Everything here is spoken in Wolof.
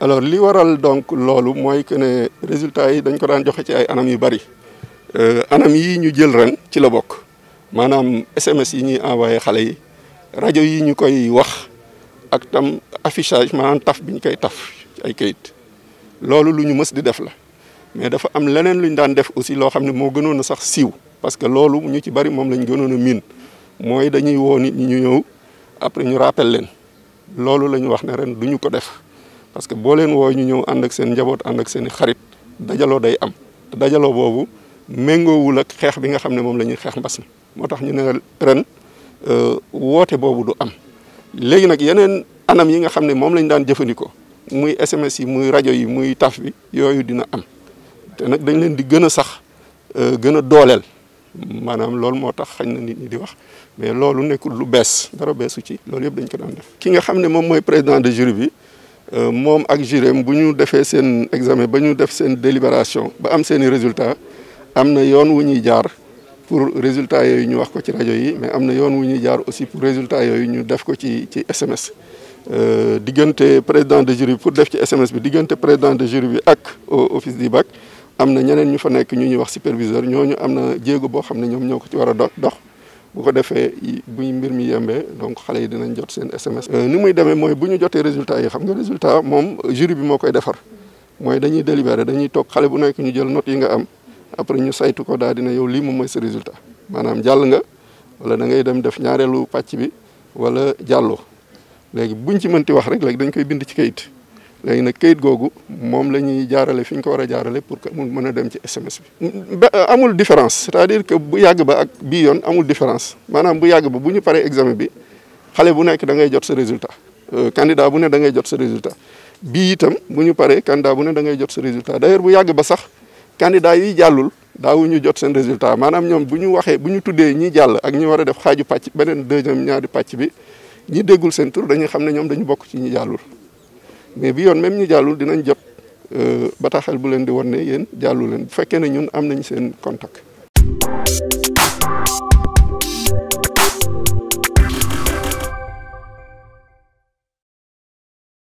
alors li waral donc loolu mooy que ne résultats yi dañ ko daan joxe ci ay anam yu bari euh, anam yi ñu jël ren ci la bokk maanaam SMS yi ñuy envoyé xale yi rajo yi ñu koy wax ak tam affichage maanaam taf bi ñu koy taf ay kayit loolu lu ñu mës di def la mais dafa am leneen lu ñu daan def aussi loo xam ne moo gënoon sax siw parce que loolu ñu ci bari moom lañ gënoon a miin mooy dañuy woo nit ñu ñëw après ñu rapel leen loolu la ñu wax ne ren du ñu ko def. parce que bo len wo ñu ñew and ak seen njabot and ak seen xarit dajalo day am dajalo bobu mengo wul ak xex bi nga xamne mom lañuy xex mbass motax ñu ne ren euh, wote bobu du am legi nak yenen anam yi nga xamne mom moom lañ daan jëfëndiko muy sms yi muy radio yi muy taf bi yoyu dina am té nak dañ leen di gëna sax euh gëna dolel manam lool motax xagn na nit ñi di wax mais loolu nekul lu bess dara bessu ci loolu yëpp dañ ko daan def ki nga xamne mom moy président de jury bi Euh, mom ak jurém buñu défé sen examen bañu def sen délibération ba am seen i résultat am yoon wu ñuy jaar pour résultat yoy ñu wax ko ci radio yi mais amna yoon wu ñuy jaar aussi pour résultat yoy ñu def ko ci ci SMS euh diggante président de jury pour def ci SMS bi diggante président de jury bi ak office du bac amna na ñeneen ñu fa nek ñu ñu wax superviseur ñooñu am na jéego boo xam ne ñoom ci wara a dox bu ko defee bu mbir mi yembee donc xale yi dinañ jot seen SMS. Euh, ni muy demee mooy bu ñu jotee résultat yi xam nga résultat moom juri bi moo koy defar mooy dañuy délibéré dañuy toog xale bu nekk ñu jël note yi nga am après ñu saytu ko daal dina yow lii moom mooy sa résultat maanaam jàll nga wala da ngay dem def ñaareelu pàcc bi wala jàlloo léegi buñ ci ti wax rek léegi dañ koy bind ci kayit. léegi nag kayit googu moom la ñuy jaarale fi ñu ko war a jaarale pour que mu mën a dem ci SMS bi. Euh, amul différence c'est-à-dire que bu yàgg ba ak bii yoon amul différence maanaam bu yàgg ba bu ñu pare examen bi xale bu nekk da ngay jot sa résultat euh, candidat bu ne da ngay jot sa résultat bii itam bu ñu paree candidat bu ne da ngay jot sa résultat d'ailleurs bu yàgg ba sax candidat yi jàllul daawuñu jot seen résultat maanaam ñoom bu ñu waxee bu ñu tuddee ñi jàll ak ñi war a def xaaju pàcc beneen deuxième ñaari pàcc bi ñi déggul seen dañuy xam ne ñoom dañu bokk ci ñi jàllul. mais bi yoon même ñu jàllul dinañ jot euh, bataaxal bu leen di wan ne yéen jàllu leen bu fekkee ne ñun am nañ seen contact